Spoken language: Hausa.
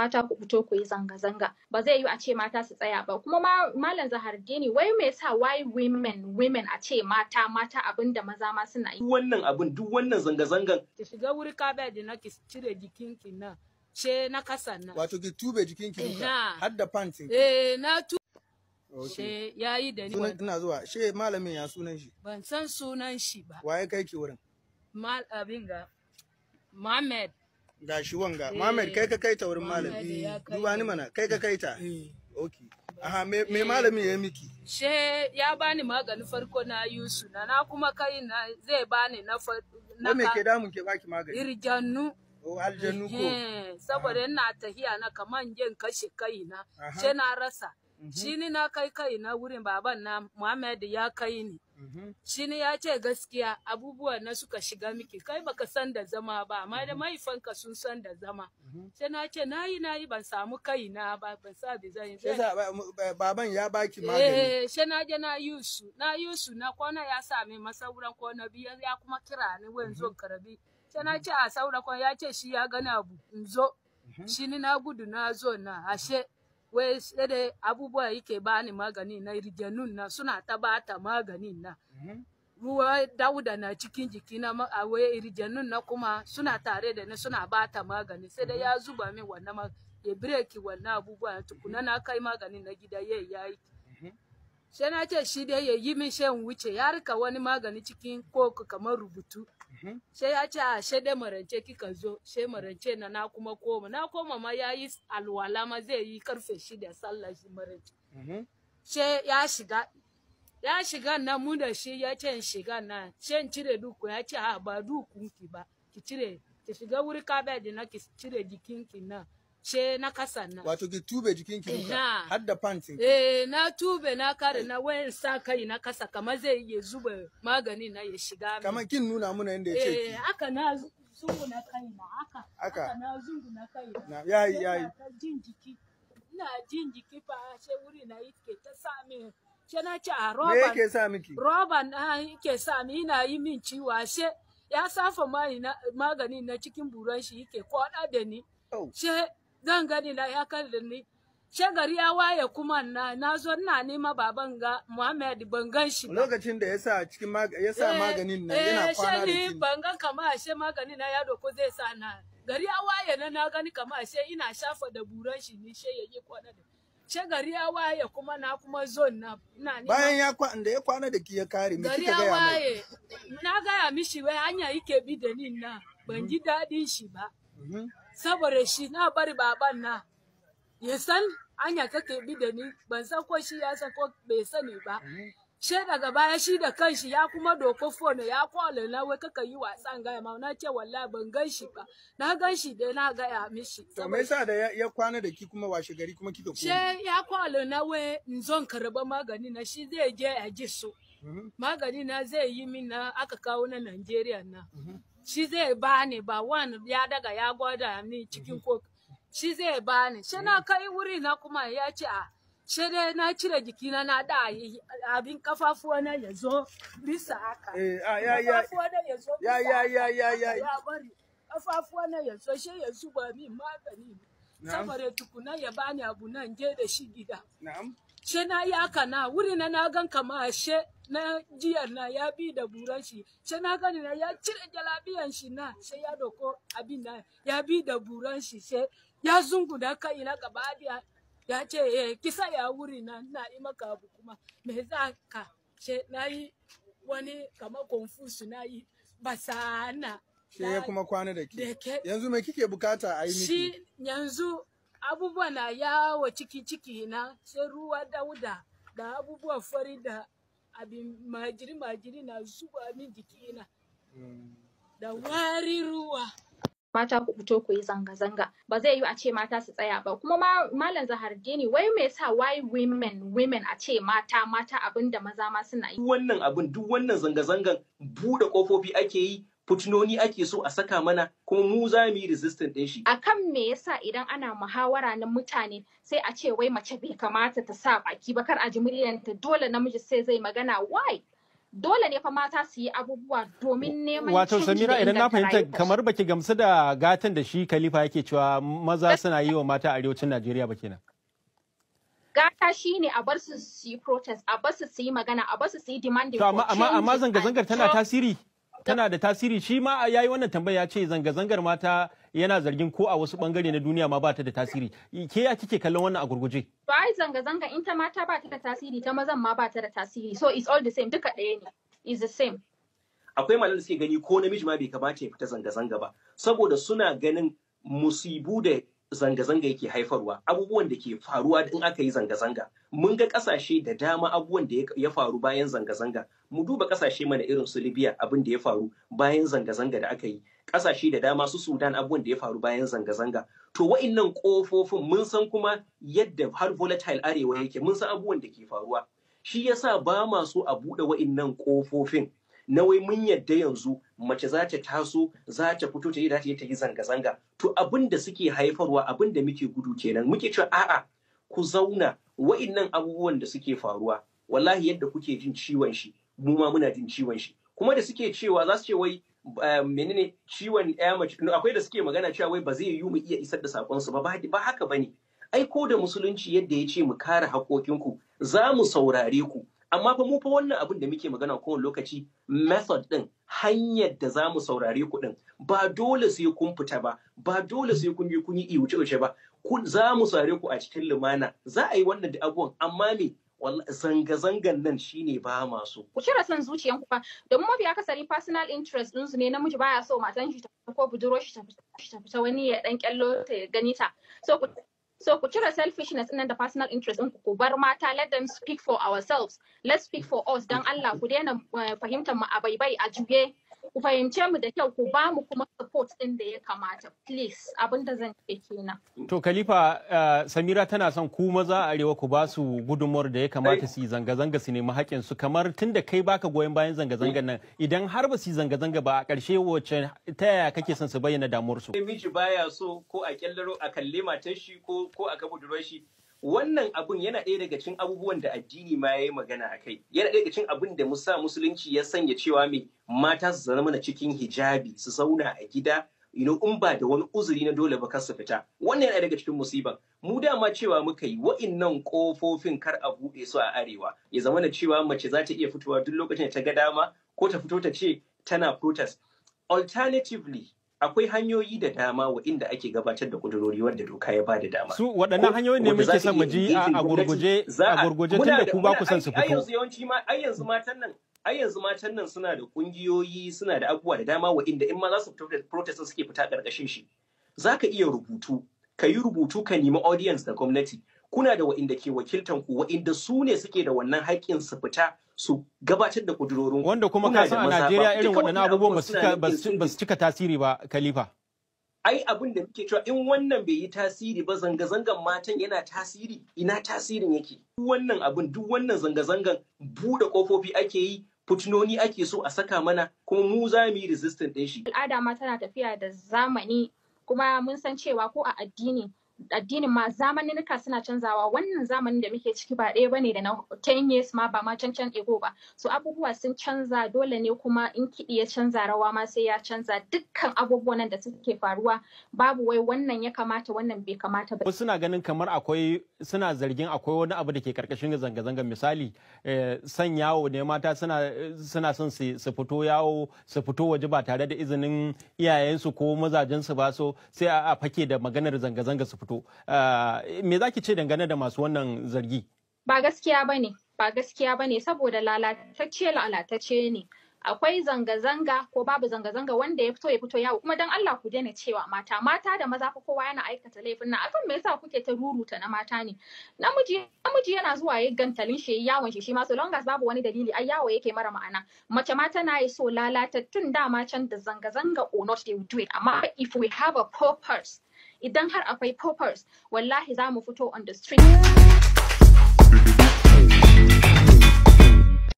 mata ku fito ku yi zanga-zanga ba zai yi a ce mata su tsaya ba kuma malam zahardini wai me yasa why women women a ce mata mata abin da maza ma suna yi wannan abin duk wannan zanga-zangan ki shiga wuri ka ba da naki cire ki na ce na kasa na wato ki tube jikin ki har da pants eh na tu She ya yi da ni ina zuwa she malamin ya sunan shi ban san sunan shi ba waye kai ki wurin mal abin ga Mohammed gashi wanga eh. Muhammad kai ka kaita wurin malami duba ni mana kai ka kaita eh. okay aha me eh. malami ya miki she ya bani maganin farko na yusu na na kuma kai na zai bani na na me ke damun ke baki magani irjannu o oh, aljannu ko saboda ina tahiya na kaman yin kashe na she na rasa mhm. Shi ni na kai kai na wurin baban na Muhammad ya kai ni. Shini ya ce gaskiya abubuwa na suka shiga miki kai baka san da zama ba amma da mhm. mahaifanka sun san da zama. Mhm. Sai na ce na yi ban samu kai na ba ban sa da zan yi. baban ya baki eh, magani. Eh sai na je na yi su na yi su na kona ya sa min masauran kwana biyar ya kuma kira ni wan zo mhm. karabi. Sai na ce a sauran ya ce shi ya gana abu in zo. Shini na gudu na zo na ashe. wai sai dai abubuwa yake bani magani na rigenun na suna ta bata magani na mhm. ruwa dauda na cikin jiki na a wai rigenun na kuma suna tare da ni suna bata magani sai dai mhm. ya zuba min wannan ya breki wannan abubuwa tukuna na kai magani na gida yayi yayi mhm. sai na ce shi dai ya yi min shan wuce ya rika wani magani cikin koko kamar rubutu mhm. sai ya ce a ah, she dai marance kika zo she marance na na kuma koma na koma ma ya yi alwala ma zai yi karfe shida sallah shi marance mhm. sai ya shiga ya shiga na mu da shi ya ce shiga na she cire duku ya ce a ah, ba ki ba ki cire ki shiga wuri kabeji na ki cire jikin ki na ce na kasan nan. Wato ki tube jikin ki duka har da pantin. Eh na tube na kare na wayan sa kai na kasa kamar zai iya zuba magani na ya shiga. Kamar kin nuna muna yanda ya ce Eh haka na zunguna kai na haka. Haka na zunguna kai na. Yayi yayi. Jin jiki. Ina jin jiki fa sai wuri na yake ta sa min ke na ci a ah, roba. Me yake sa miki? Roba na yake sa min ina yi min ciwa. she. ya safa magani na cikin buran shi yake kwaɗa da ni. Oh. zan gani na ya da ni she gari ya waye kuma na na zo ina nema baban ga Muhammad ban gan shi lokacin da yasa cikin yasa eh, maganin nan yana eh, kwana da shi ban ga kama ashe maganin na ya doko zai sa na gari ya waye na na gani kama ashe ina shafa da buran shi ni she yayi kwana da ce gari ya waye kuma na kuma zo na ina bayan ya kwana da ya kwana da ki ya kare mi kika ga ya waye na ga ya mishi wai hanya yake bi da ni na ban ji dadin shi ba mhm. saboda shi na bari baban na ya san anya kake bi da ni ban san ko shi ya san ko bai sani ba she daga baya shi da kanshi ya kuma doko phone ya kwale na wai kaka yi wasan ga ma na ce wallahi ban gan shi ba na gan shi dai na gaya mishi to me yasa da ya kwana da ki kuma washe gari kuma kika koma she ya kwale na wai in zo karba magani na shi zai je a ji so mhm. magani na zai yi min na aka kawo na Najeriya na mhm. shi zai ba bani ba wani ya daga ya gwada ni cikin mhm. ko shi zai ba bani shi na mhm. kai wuri na kuma ya ce a ah, shi dai na cire jiki na na da abin kafafuwa na ya zo bisa haka eh, ah, kafafuwa na ya ya bisa haka ya bari kafafuwa na ya zo shi ya zuba min magani saboda tukuna ya bani abu nan je da shi gida she na yi haka na wuri na na gan kama she na jiyar na ya bi da buran shi she na gani na ya cire jalabiyan shi na she ya doko abin na ya bi da buran shi she ya zunguna kai na gaba da ya ce eh kisa ya wuri na na yi maka abu kuma me za ka she na yi wani kama confusion na yi basana she kuma kwana da ke. Yanzu me kike bukata a yi miki? Shi yanzu abubuwa na yawo ciki ciki na sai ruwa dauda da abubuwa fari da abin majiri majiri na zuba min jiki na da wari ruwa mata ku fito ku yi zanga-zanga ba zai yi a ce mata su tsaya ba kuma malam zahar gini wai me sa why women women a ce mata mata abin da maza ma suna yi wannan abin duk wannan zanga-zangan buɗe kofofi ake yi fitinoni ake so a saka mana kuma mu za mu yi resistant din shi. Akan me yasa idan ana muhawara na mutane sai a ce wai mace bai kamata ta sa baki ba kar a ji muryanta dole namiji sai zai magana why? Dole ne fa mata su yi abubuwa domin neman Wato Samira idan na fahimta kamar baki gamsu da gatan da shi Khalifa yake cewa maza suna yi wa mata arewacin Najeriya ba kenan. gata shi ne a bar su su yi protest a bar su su yi magana a bar su su yi demanding change. amma zanga zangar tana tasiri tana da tasiri shi ma yayi wannan tambaya ya ce zanga-zangar mata yana zargin ko a wasu bangare na duniya ma ba ta da tasiri ke ya kike kallon wannan a gurguje to ai zanga-zanga in ta mata ba ta da tasiri ta mazan ma ba ta da tasiri so it's all the same duka ɗaya ne is the same akwai malar da suke gani ko namiji ma bai kamata ya fita zanga-zanga ba saboda suna ganin musibu da zanga-zanga yake haifarwa abubuwan da ke faruwa in aka yi zanga-zanga mun ga kasashe da dama abubuwan da ya faru bayan zanga-zanga mu duba kasashe mana irin su libya abin da ya faru bayan zanga-zanga da aka yi kasashe da dama su sudan abubuwan da ya faru bayan zanga-zanga to wa'innan kofofin mun san kuma yadda har volatile arewa yake mun san abubuwan da ke faruwa shi yasa ba ma so a buɗe wa'innan kofofin na wai mun yadda yanzu mace za ta taso za ta fito ta yi ta ta yi zanga-zanga to abin da suke haifarwa abin da muke gudu kenan muke cewa a'a ku zauna wa'innan abubuwan da suke faruwa wallahi yadda kuke jin ciwon shi mu ma muna jin ciwon shi kuma da suke cewa za su ce wai eh, menene ciwon ɗaya mace akwai da suke magana cewa wai ba zai yiwu mu iya isar da sakon su ba ba haka bane ai ko da musulunci yadda ya ce mu kare haƙoƙinku za mu saurare ku amma fa mu fa wannan abin da muke magana kowane lokaci method din hanyar da za mu saurare ku din ba dole sai kun fita ba ba dole sai kun yi kun yi iwuce wuce ba za mu saurare ku a cikin lumana za a yi wannan da abubuwan amma me zanga-zangan nan shine ba masu. Ku cire son zuciyan ku fa domin mafi akasari personal interest su ne namiji baya so matan shi ta ko budurwar shi ta fita wani ya dan kyallo ta ya gani ta. So ku So ku cire selfishness ɗin da personal interest ɗin ku bar mata let them speak for ourselves. Let's speak for us don Allah ku daina eh, fahimtar mu a baibai a juye. Ku fahimce mu da kyau ku ba mu kuma support din da ya kamata please abin da zan ce kenan. To kalifa eh, Samira tana son ku maza a arewa ku ba su gudumar da ya kamata su yi zanga-zanga su nemi haƙƙin su kamar tun da kai baka goyon bayan zanga-zangan nan idan har ba su yi zanga-zanga ba a ƙarshe wacce ta yaya kake son su bayyana damuwar su. Miji baya so ko a kyallaro a kalle matar shi ko ko a ga budurwar shi wannan abun yana ɗaya daga cikin abubuwan da addini ma ya yi magana a kai yana ɗaya daga cikin abin da musa musulunci ya sanya cewa mai mata su zama na cikin hijabi su zauna a gida you in ba da wani uzuri na dole ba kar su fita wannan yana daga cikin musiban mu dama cewa muka yi wa'innan kofofin kar a buɗe su a arewa ya zama na cewa mace za ta iya fitowa duk lokacin da ta ga dama ko ta fito ta ce tana protest alternatively akwai hanyoyi da dama inda ake gabatar da kudurori wanda doka ya bada dama. Su waɗannan hanyoyin ne muke son ji a gurguje a gurguje tun da ku ba ku son su fito. Ai yanzu ma ai matan nan ai matan nan suna da kungiyoyi suna da abubuwa da dama inda in ma za su fita da protest suke fita karkashin shi. Za ka iya rubutu ka yi rubutu ka nemi audience da gwamnati kuna da wa'inda ke wakiltan ku wa'inda su ne suke da wannan haƙƙin su fita su gabatar da kudurorin wanda kuma ka san a Najeriya irin waɗannan abubuwan ba su cika tasiri ba Khalifa ai abin da muke cewa in wannan bai yi tasiri ba zanga-zangan matan yana tasiri ina tasirin yake duk wannan abin duk wannan zanga-zangan buɗe kofofi ake yi fitinoni ake so a saka mana kuma mu za mu yi resistant ɗin shi al'ada ma tana tafiya da zamani kuma mun san cewa ko a addini addinin ma zamaninnika suna canzawa wannan zamanin da muke ciki ba ɗaya bane da na 10 years ma ba ma cancan ego ba so abubuwa sun canza dole ne kuma in kiɗi ya canza rawa ma sai ya canza dukkan abubuwan da suke faruwa babu wai wannan ya kamata wannan bai kamata ba suna ganin kamar akwai suna zargin akwai wani abu da ke karkashin zanga-zanga misali eh, san yawo ne mata suna suna son su fito yawo su fito waje ba tare da izinin iyayensu ko mazajensu ba so sai a fake da maganar zanga-zanga su fito Sokoto. Ah, me za ki ce dangane da masu wannan zargi? Ba gaskiya ba ne, ba gaskiya ba ne saboda lalatacce lalatacce ne. Akwai zanga-zanga ko babu zanga-zanga wanda ya fito ya fito yawo kuma don Allah ku daina cewa mata mata da maza fa kowa yana aikata laifin nan akan me yasa kuke ta ruruta na mata ne namiji namiji yana zuwa ya gantalin shi yawon shi shi ma so long as babu wani dalili ai yawo yake mara ma'ana mace ma tana yi so lalatattun dama can da zanga-zanga or not they will do it amma if we have a purpose idan har akwai poppers, wallahi za mu fito on the street